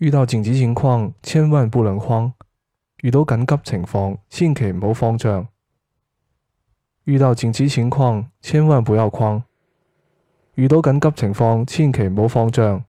遇到緊急情況，千萬不能慌；遇到緊急情況，千祈唔好慌張；遇到緊急情況，千萬不要慌；遇到緊急情況，千祈唔好慌張。